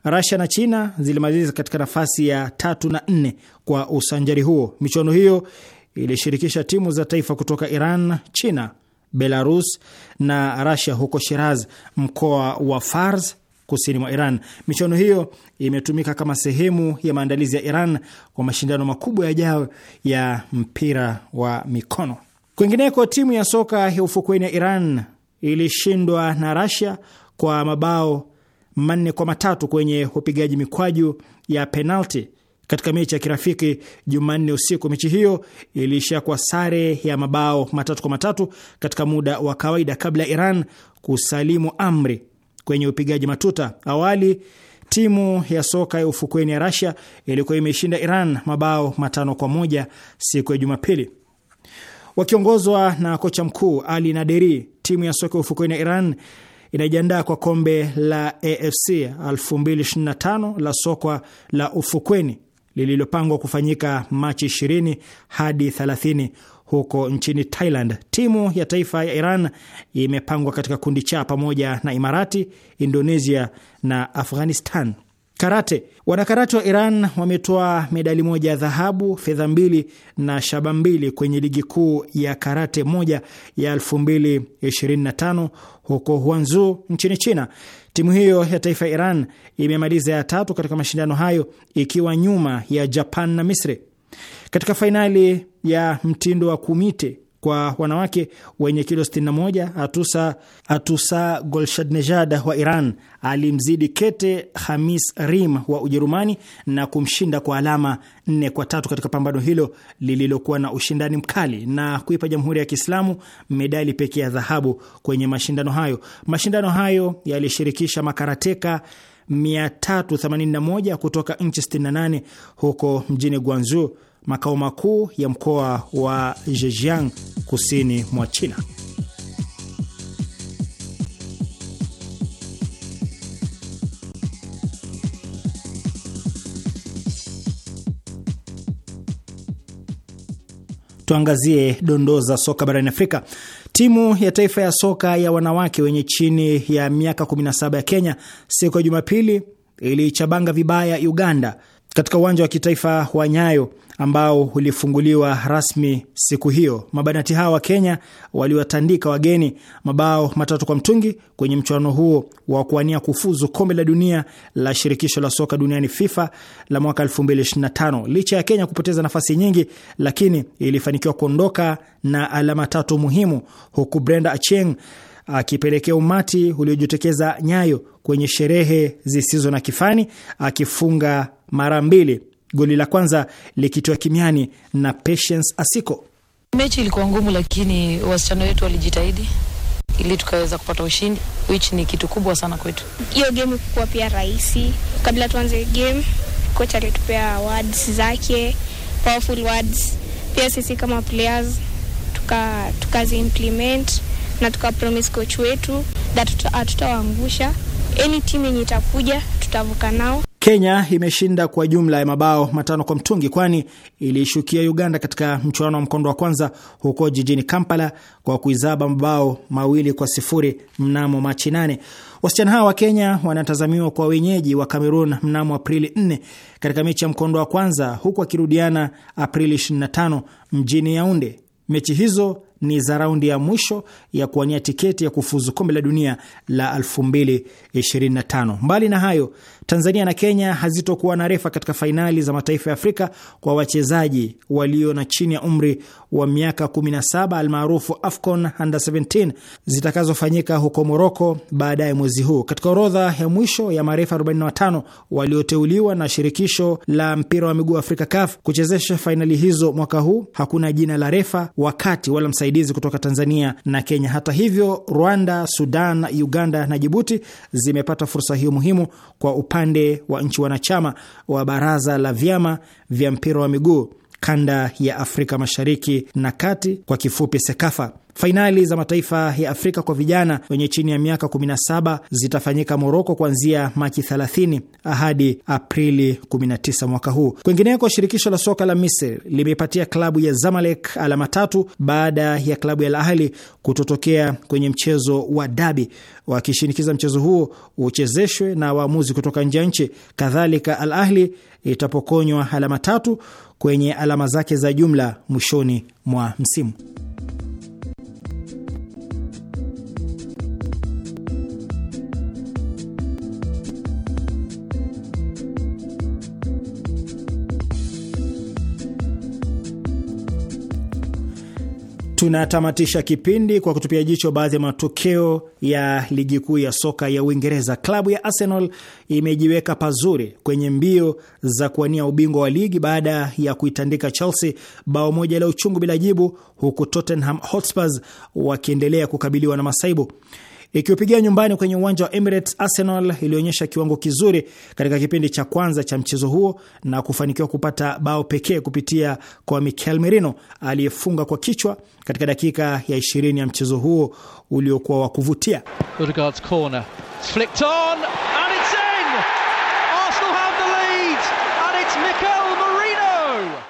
Rasia na China zilimaliza katika nafasi ya tatu na nne kwa usanjari huo. Michuano hiyo ilishirikisha timu za taifa kutoka Iran, China, Belarus na Rasia huko Shiraz, mkoa wa Fars kusini mwa Iran. Michuano hiyo imetumika kama sehemu ya maandalizi ya Iran kwa mashindano makubwa yajayo ya mpira wa mikono. Kwingineko, timu ya soka ya ufukweni ya Iran ilishindwa na Rasia kwa mabao manne kwa matatu kwenye upigaji mikwaju ya penalti katika mechi ya kirafiki Jumanne usiku. Mechi hiyo iliishia kwa sare ya mabao matatu kwa matatu katika muda wa kawaida kabla ya Iran kusalimu amri kwenye upigaji matuta. Awali timu ya soka ya ufukweni ya Rasia ilikuwa imeshinda Iran mabao matano kwa moja siku ya Jumapili. Wakiongozwa na kocha mkuu Ali Naderi, timu ya soka ya ufukweni ya Iran inajiandaa kwa kombe la AFC 2025 la soka la ufukweni lililopangwa kufanyika Machi 20 hadi 30 huko nchini Thailand. Timu ya taifa ya Iran imepangwa katika kundi cha pamoja na Imarati, Indonesia na Afghanistan. Karate. Wanakarate wa Iran wametoa medali moja ya dhahabu, fedha mbili na shaba mbili kwenye ligi kuu ya karate moja ya 2025 huko Huanzu nchini China. Timu hiyo ya taifa ya Iran imemaliza ya tatu katika mashindano hayo ikiwa nyuma ya Japan na Misri. Katika fainali ya mtindo wa kumite kwa wanawake wenye kilo 61 Atusa, Atusa Golshadnejad wa Iran alimzidi kete Hamis Rim wa Ujerumani na kumshinda kwa alama 4 kwa tatu katika pambano hilo lililokuwa na ushindani mkali na kuipa Jamhuri ya Kiislamu medali pekee ya dhahabu kwenye mashindano hayo. Mashindano hayo yalishirikisha makarateka 381 kutoka nchi 68 huko mjini Guangzhou, makao makuu ya mkoa wa Zhejiang kusini mwa China. Tuangazie dondoo za soka barani Afrika. Timu ya taifa ya soka ya wanawake wenye chini ya miaka 17 ya Kenya siku ya Jumapili ilichabanga vibaya Uganda katika uwanja wa kitaifa wa Nyayo ambao ulifunguliwa rasmi siku hiyo. Mabanati hawa wa Kenya waliwatandika wageni mabao matatu kwa mtungi kwenye mchuano huo wa kuwania kufuzu kombe la dunia la shirikisho la soka duniani FIFA la mwaka 2025. Licha ya Kenya kupoteza nafasi nyingi, lakini ilifanikiwa kuondoka na alama tatu muhimu, huku Brenda Acheng akipelekea umati uliojitokeza Nyayo kwenye sherehe zisizo na kifani akifunga mara mbili, goli la kwanza likitoa kimiani na Patience Asiko. Mechi ilikuwa ngumu, lakini wasichana wetu walijitahidi ili tukaweza kupata ushindi which ni kitu kubwa sana kwetu. Hiyo game kukuwa pia rahisi. Kabla tuanze game, kocha alitupea words zake, powerful words. Pia sisi kama players tuka tukazi implement na tuka promise coach wetu that hatutawaangusha. Any team yenye itakuja tutavuka nao. Kenya imeshinda kwa jumla ya mabao matano kwa mtungi, kwani iliishukia Uganda katika mchuano wa mkondo wa kwanza huko jijini Kampala kwa kuizaba mabao mawili kwa sifuri mnamo Machi 8. Wasichana hawa wa Kenya wanatazamiwa kwa wenyeji wa Cameroon mnamo Aprili 4 katika mechi ya mkondo wa kwanza, huku wakirudiana Aprili 25 mjini Yaunde. Mechi hizo ni za raundi ya mwisho ya kuwania tiketi ya kufuzu kombe la dunia la 2025. Mbali na hayo, Tanzania na Kenya hazitokuwa na refa katika fainali za mataifa ya Afrika kwa wachezaji walio na chini ya umri wa miaka 17 almaarufu AFCON under 17 zitakazofanyika huko Moroko baadaye mwezi huu. Katika orodha ya mwisho ya marefa 45 walioteuliwa na shirikisho la mpira wa miguu Afrika CAF kuchezesha fainali hizo mwaka huu hakuna jina la refa, wakati wala msaidizi kutoka Tanzania na Kenya. Hata hivyo, Rwanda, Sudan, Uganda na Jibuti zimepata fursa hiyo muhimu kwa upande upande wa nchi wanachama wa baraza la vyama vya mpira wa miguu kanda ya Afrika Mashariki na Kati, kwa kifupi SEKAFA. Fainali za mataifa ya Afrika kwa vijana wenye chini ya miaka 17 zitafanyika Moroko kuanzia Machi 30 hadi Aprili 19 mwaka huu. Kwingineko, shirikisho la soka la Misri limepatia klabu ya Zamalek alama tatu baada ya klabu ya Al Ahli kutotokea kwenye mchezo wa dabi, wakishinikiza mchezo huo uchezeshwe na waamuzi kutoka nje ya nchi. Kadhalika, Al Ahli itapokonywa alama tatu kwenye alama zake za jumla mwishoni mwa msimu. Tunatamatisha kipindi kwa kutupia jicho baadhi ya matokeo ya ligi kuu ya soka ya Uingereza. Klabu ya Arsenal imejiweka pazuri kwenye mbio za kuwania ubingwa wa ligi baada ya kuitandika Chelsea bao moja la uchungu bila jibu, huku Tottenham Hotspurs wakiendelea kukabiliwa na masaibu. Ikiupigia nyumbani kwenye uwanja wa Emirates, Arsenal ilionyesha kiwango kizuri katika kipindi cha kwanza cha mchezo huo na kufanikiwa kupata bao pekee kupitia kwa Mikel Merino aliyefunga kwa kichwa katika dakika ya 20 ya mchezo huo uliokuwa wa kuvutia.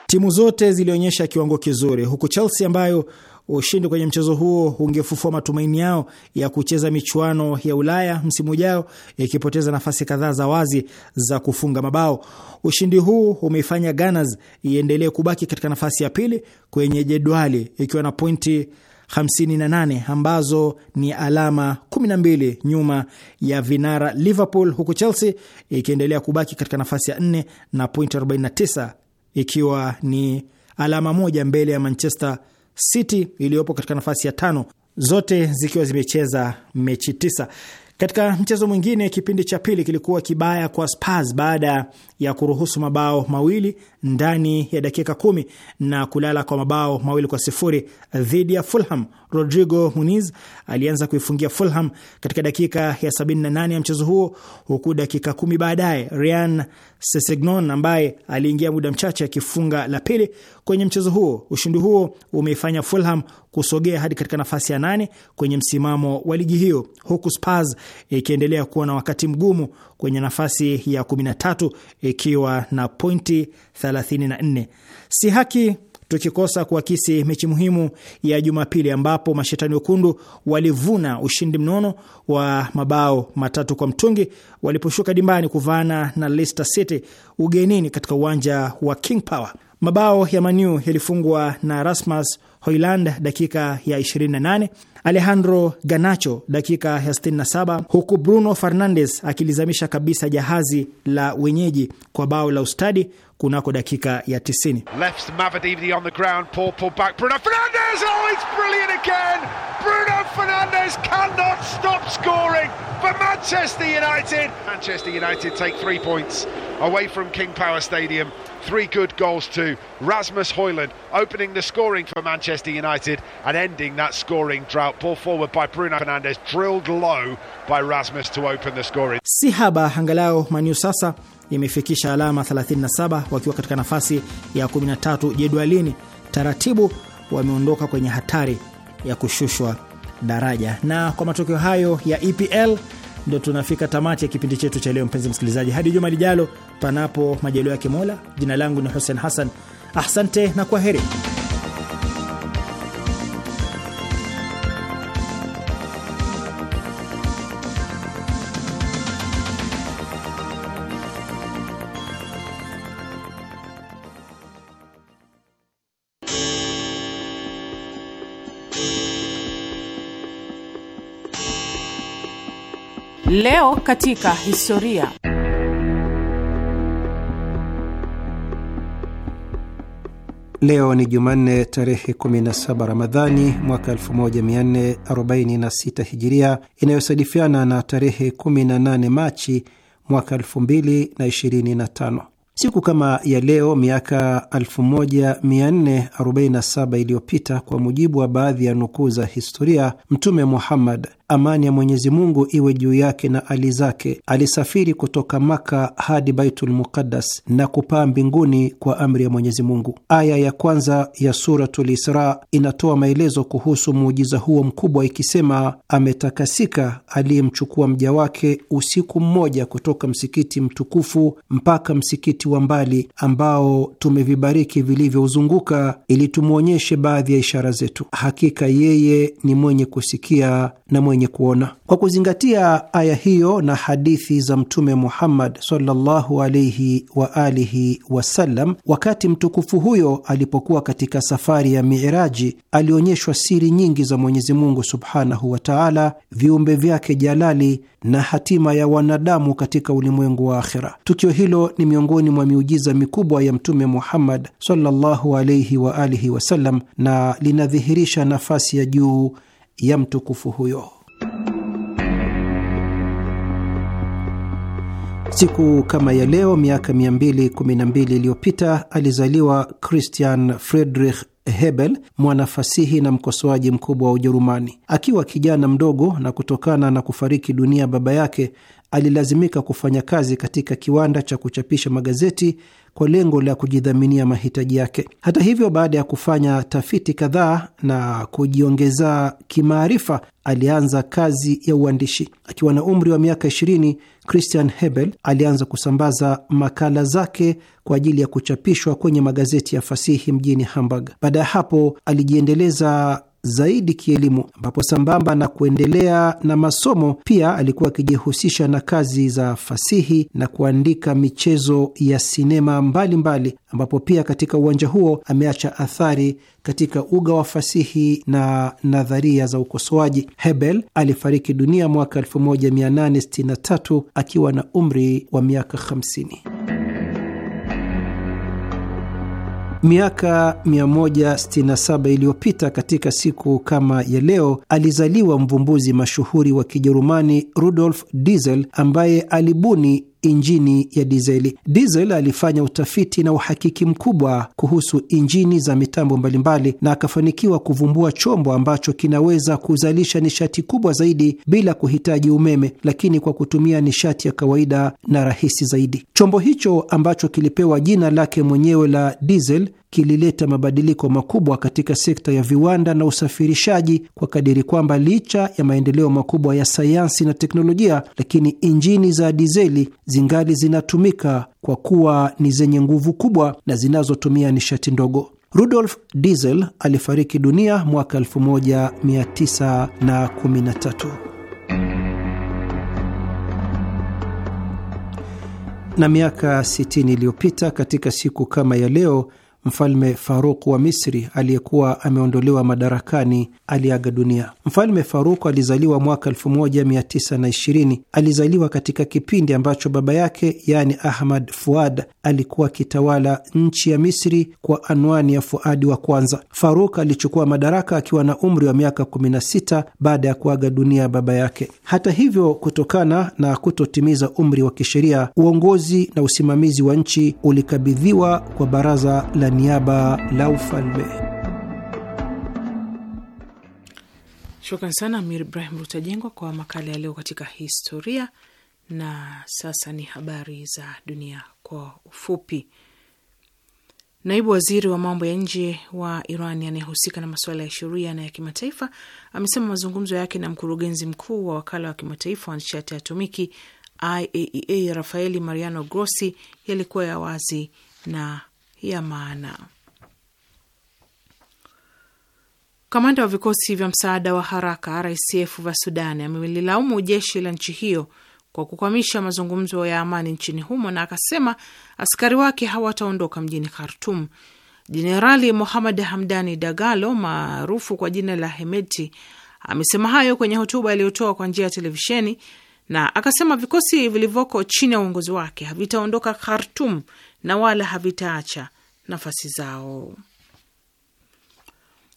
Timu zote zilionyesha kiwango kizuri huku Chelsea ambayo Ushindi kwenye mchezo huo ungefufua matumaini yao ya kucheza michuano ya Ulaya msimu ujao, ikipoteza nafasi kadhaa za wazi za kufunga mabao. Ushindi huu umeifanya Gunners iendelee kubaki katika nafasi ya pili kwenye jedwali ikiwa na pointi 58 ambazo ni alama 12 nyuma ya vinara Liverpool, huku Chelsea ikiendelea kubaki katika nafasi ya 4 na pointi 49 ikiwa ni alama moja mbele ya Manchester City iliyopo katika nafasi ya tano, zote zikiwa zimecheza mechi tisa. Katika mchezo mwingine, kipindi cha pili kilikuwa kibaya kwa Spurs baada ya kuruhusu mabao mawili ndani ya dakika kumi na kulala kwa mabao mawili kwa sifuri dhidi ya Fulham. Rodrigo Muniz alianza kuifungia Fulham katika dakika ya 78 ya mchezo huo, huku dakika kumi baadaye Ryan Sessegnon ambaye aliingia muda mchache akifunga la pili kwenye mchezo huo. Ushindi huo umeifanya Fulham kusogea hadi katika nafasi ya nane kwenye msimamo wa ligi hiyo, huku Spurs ikiendelea kuwa na wakati mgumu kwenye nafasi ya 13 ikiwa na pointi 34. Si haki tukikosa kuakisi mechi muhimu ya Jumapili ambapo mashetani wekundu walivuna ushindi mnono wa mabao matatu kwa mtungi waliposhuka dimbani kuvaana na Leicester City ugenini katika uwanja wa King Power. Mabao ya Maniu yalifungwa na Rasmus hoyland dakika ya 28, Alejandro Ganacho dakika ya 67, huku Bruno Fernandes akilizamisha kabisa jahazi la wenyeji kwa bao la ustadi kunako dakika ya 90. on the ground, poor pull back Bruno Fernandez, Oh, brilliant again. Bruno Fernandez cannot stop scoring for Manchester United. Manchester United take 3 points away from King Power Stadium. Three good goals to Rasmus Hoyland, opening the scoring for Manchester United and ending that scoring drought. Ball forward by Bruno Fernandes, drilled low by Rasmus to open the scoring. Si haba angalau Manu sasa imefikisha alama 37 wakiwa katika nafasi ya 13 jedwalini. Taratibu wameondoka kwenye hatari ya kushushwa daraja. Na kwa matokeo hayo ya EPL ndio tunafika tamati ya kipindi chetu cha leo, mpenzi msikilizaji. Hadi juma lijalo, panapo majaliwa ya Kimola. Jina langu ni Hussein Hassan, asante na kwa heri. Leo katika historia. Leo ni Jumanne tarehe 17 Ramadhani mwaka 1446 Hijiria, inayosadifiana na tarehe 18 Machi mwaka 2025. Siku kama ya leo miaka 1447 iliyopita, kwa mujibu wa baadhi ya nukuu za historia, Mtume Muhammad amani ya Mwenyezi Mungu iwe juu yake na ali zake, alisafiri kutoka Maka hadi Baitul Muqaddas na kupaa mbinguni kwa amri ya Mwenyezi Mungu. Aya ya kwanza ya Suratul Isra inatoa maelezo kuhusu muujiza huo mkubwa ikisema, ametakasika aliyemchukua mja wake usiku mmoja kutoka msikiti mtukufu mpaka msikiti wa mbali ambao tumevibariki vilivyouzunguka ili tumwonyeshe baadhi ya ishara zetu. Hakika yeye ni mwenye kusikia na mwenye wenye kuona. Kwa kuzingatia aya hiyo na hadithi za Mtume Muhammad sallallahu alaihi wa alihi wasallam, wakati mtukufu huyo alipokuwa katika safari ya miiraji alionyeshwa siri nyingi za Mwenyezi Mungu subhanahu wa taala, viumbe vyake jalali na hatima ya wanadamu katika ulimwengu wa akhira. Tukio hilo ni miongoni mwa miujiza mikubwa ya Mtume Muhammad sallallahu alaihi wa alihi wasallam na linadhihirisha nafasi ya juu ya mtukufu huyo. Siku kama ya leo miaka 212 iliyopita alizaliwa Christian Friedrich Hebel, mwanafasihi na mkosoaji mkubwa wa Ujerumani. Akiwa kijana mdogo na kutokana na kufariki dunia baba yake, alilazimika kufanya kazi katika kiwanda cha kuchapisha magazeti kwa lengo la kujidhaminia mahitaji yake. Hata hivyo, baada ya kufanya tafiti kadhaa na kujiongeza kimaarifa, alianza kazi ya uandishi. Akiwa na umri wa miaka 20, Christian Hebel alianza kusambaza makala zake kwa ajili ya kuchapishwa kwenye magazeti ya fasihi mjini Hamburg. Baada ya hapo alijiendeleza zaidi kielimu, ambapo sambamba na kuendelea na masomo pia alikuwa akijihusisha na kazi za fasihi na kuandika michezo ya sinema mbalimbali, ambapo pia katika uwanja huo ameacha athari katika uga wa fasihi na nadharia za ukosoaji. Hebel alifariki dunia mwaka 1863 akiwa na umri wa miaka 50. Miaka 167 iliyopita katika siku kama ya leo alizaliwa mvumbuzi mashuhuri wa Kijerumani Rudolf Diesel ambaye alibuni injini ya dizeli. Diesel alifanya utafiti na uhakiki mkubwa kuhusu injini za mitambo mbalimbali na akafanikiwa kuvumbua chombo ambacho kinaweza kuzalisha nishati kubwa zaidi bila kuhitaji umeme, lakini kwa kutumia nishati ya kawaida na rahisi zaidi. Chombo hicho ambacho kilipewa jina lake mwenyewe la diesel kilileta mabadiliko makubwa katika sekta ya viwanda na usafirishaji kwa kadiri kwamba licha ya maendeleo makubwa ya sayansi na teknolojia, lakini injini za dizeli zingali zinatumika kwa kuwa ni zenye nguvu kubwa na zinazotumia nishati ndogo. Rudolf Diesel alifariki dunia mwaka 1913. Na miaka 60 iliyopita katika siku kama ya leo Mfalme Faruk wa Misri aliyekuwa ameondolewa madarakani aliaga dunia. Mfalme Faruk alizaliwa mwaka 1920. Alizaliwa katika kipindi ambacho baba yake, yaani Ahmad Fuad, alikuwa akitawala nchi ya Misri kwa anwani ya Fuadi wa kwanza. Faruk alichukua madaraka akiwa na umri wa miaka 16 baada ya kuaga dunia baba yake. Hata hivyo, kutokana na kutotimiza umri wa kisheria, uongozi na usimamizi wa nchi ulikabidhiwa kwa baraza la niaba la ufalme. Shukran sana Amir Ibrahim Rutajengwa kwa makala ya leo katika historia. Na sasa ni habari za dunia kwa ufupi. Naibu waziri wa mambo ya nje wa Iran anayehusika na masuala ya sheria na ya kimataifa amesema mazungumzo yake na mkurugenzi mkuu wa wakala wa kimataifa wa nishati ya atomiki IAEA e Rafaeli Mariano Grossi yalikuwa ya wazi na ya maana. Kamanda wa vikosi vya msaada wa haraka RSF vya Sudan amelilaumu jeshi la nchi hiyo kwa kukwamisha mazungumzo ya amani nchini humo na akasema askari wake hawataondoka mjini Khartum. Jenerali Mohammad Hamdani Dagalo maarufu kwa jina la Hemeti amesema hayo kwenye hotuba aliyotoa kwa njia ya televisheni na akasema vikosi vilivyoko chini ya uongozi wake havitaondoka Khartum na wala havitaacha nafasi zao.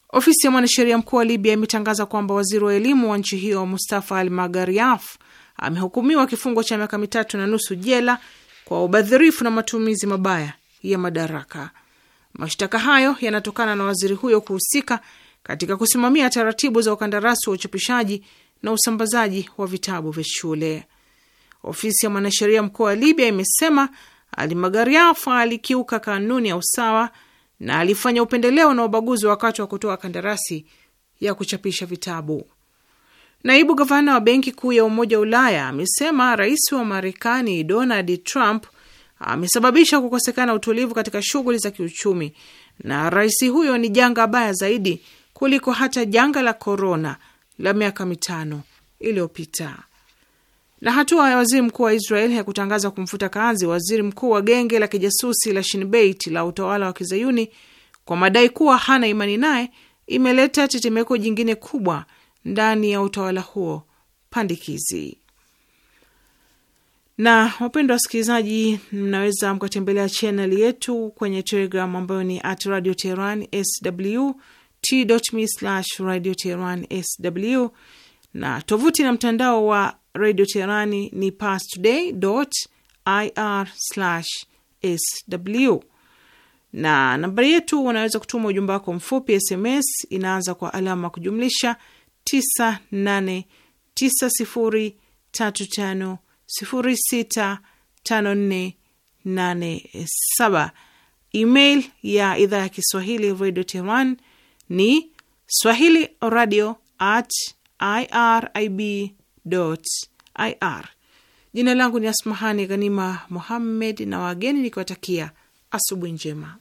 Ofisi ya mwanasheria mkuu wa Libya imetangaza kwamba waziri wa elimu wa nchi hiyo Mustafa Al Magariaf amehukumiwa kifungo cha miaka mitatu na nusu jela kwa ubadhirifu na matumizi mabaya ya madaraka. Mashtaka hayo yanatokana na waziri huyo kuhusika katika kusimamia taratibu za ukandarasi wa uchapishaji na usambazaji wa vitabu vya shule. Ofisi ya mwanasheria mkuu wa Libya imesema Alimagariafa alikiuka kanuni ya usawa na alifanya upendeleo na ubaguzi wakati wa kutoa kandarasi ya kuchapisha vitabu. Naibu gavana wa benki kuu ya Umoja wa Ulaya amesema rais wa Marekani Donald Trump amesababisha kukosekana utulivu katika shughuli za kiuchumi, na rais huyo ni janga baya zaidi kuliko hata janga la korona la miaka mitano iliyopita. Na hatua ya waziri mkuu wa Israel ya kutangaza kumfuta kazi waziri mkuu wa genge la kijasusi la Shinbeit la utawala wa kizayuni kwa madai kuwa hana imani naye imeleta tetemeko jingine kubwa ndani ya utawala huo pandikizi. Na wapendwa wasikilizaji, mnaweza mkatembelea chaneli yetu kwenye Telegram ambayo ni at Radio Teheran sw t.me slash Radio Teheran sw na tovuti na mtandao wa radio Teherani ni pastoday ir sw, na nambari yetu unaweza kutuma ujumbe wako mfupi SMS inaanza kwa alama kujumlisha 989035065487. Email ya idhaa ya Kiswahili Radio Teheran ni swahili radio at irib ir. Jina langu ni Asmahani Ghanima Muhammed na wageni nikiwatakia asubuhi njema.